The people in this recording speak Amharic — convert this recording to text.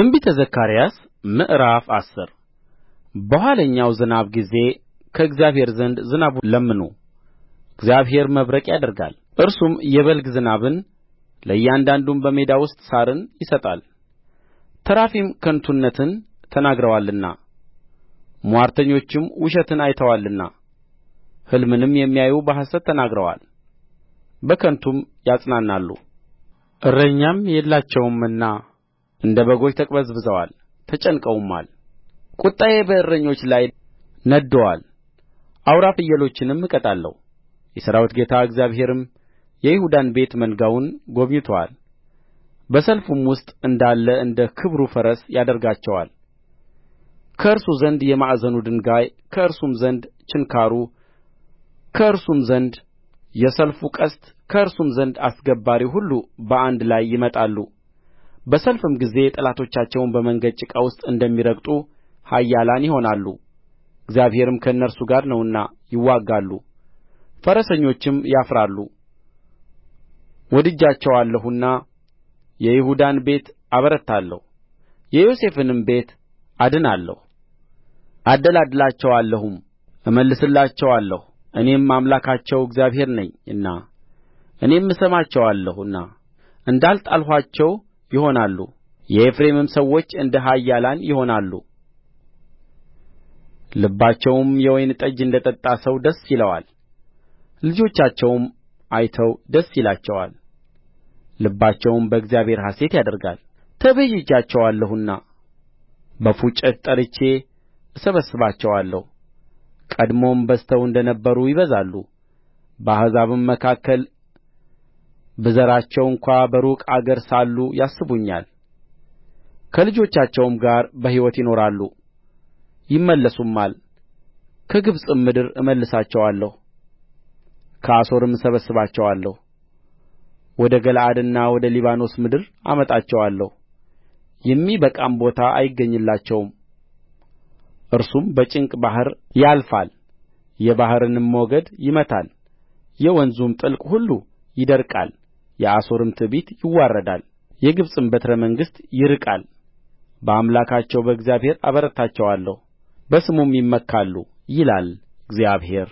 ትንቢተ ዘካርያስ ምዕራፍ አስር በኋለኛው ዝናብ ጊዜ ከእግዚአብሔር ዘንድ ዝናቡን ለምኑ እግዚአብሔር መብረቅ ያደርጋል እርሱም የበልግ ዝናብን ለእያንዳንዱም በሜዳ ውስጥ ሣርን ይሰጣል ተራፊም ከንቱነትን ተናግረዋልና ምዋርተኞችም ውሸትን አይተዋልና ሕልምንም የሚያዩ በሐሰት ተናግረዋል በከንቱም ያጽናናሉ እረኛም የላቸውምና እንደ በጎች ተቅበዝብዘዋል ተጨንቀውማል ቍጣዬ በእረኞች ላይ ነድዶአል አውራ ፍየሎችንም እቀጣለሁ የሠራዊት ጌታ እግዚአብሔርም የይሁዳን ቤት መንጋውን ጐብኝቶአል በሰልፍም ውስጥ እንዳለ እንደ ክብሩ ፈረስ ያደርጋቸዋል ከእርሱ ዘንድ የማዕዘኑ ድንጋይ ከእርሱም ዘንድ ችንካሩ ከእርሱም ዘንድ የሰልፉ ቀስት ከእርሱም ዘንድ አስገባሪው ሁሉ በአንድ ላይ ይመጣሉ በሰልፍም ጊዜ ጠላቶቻቸውን በመንገድ ጭቃ ውስጥ እንደሚረግጡ ኃያላን ይሆናሉ እግዚአብሔርም ከእነርሱ ጋር ነውና ይዋጋሉ ፈረሰኞችም ያፍራሉ ወድጃቸዋለሁና የይሁዳን ቤት አበረታለሁ የዮሴፍንም ቤት አድናለሁ አደላድላቸዋለሁም እመልስላቸዋለሁ እኔም አምላካቸው እግዚአብሔር ነኝና እኔም እሰማቸዋለሁና እንዳልጣልኋቸው ይሆናሉ የኤፍሬምም ሰዎች እንደ ኃያላን ይሆናሉ ልባቸውም የወይን ጠጅ እንደ ጠጣ ሰው ደስ ይለዋል ልጆቻቸውም አይተው ደስ ይላቸዋል ልባቸውም በእግዚአብሔር ሐሤት ያደርጋል ተቤዥቻቸዋለሁና በፉጨት ጠርቼ እሰበስባቸዋለሁ ቀድሞም በዝተው እንደ ነበሩ ይበዛሉ በአሕዛብም መካከል ብዘራቸው እንኳ በሩቅ አገር ሳሉ ያስቡኛል ከልጆቻቸውም ጋር በሕይወት ይኖራሉ ይመለሱማል ከግብጽም ምድር እመልሳቸዋለሁ ከአሦርም እሰበስባቸዋለሁ ወደ ገለዓድና ወደ ሊባኖስ ምድር አመጣቸዋለሁ የሚበቃም ቦታ አይገኝላቸውም እርሱም በጭንቅ ባሕር ያልፋል የባሕርንም ሞገድ ይመታል የወንዙም ጥልቅ ሁሉ ይደርቃል የአሦርም ትዕቢት ይዋረዳል የግብጽም በትረ መንግሥት ይርቃል በአምላካቸው በእግዚአብሔር አበረታቸዋለሁ በስሙም ይመካሉ ይላል እግዚአብሔር